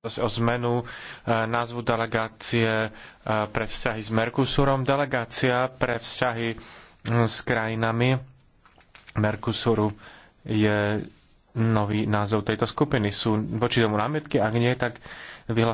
o zmenu e, názvu delegácie e, pre vzťahy s Mercosurom. Delegácia pre vzťahy s krajinami Mercosuru je nový názov tejto skupiny. Sú voči tomu námietky? Ak nie, tak vyhlásujem.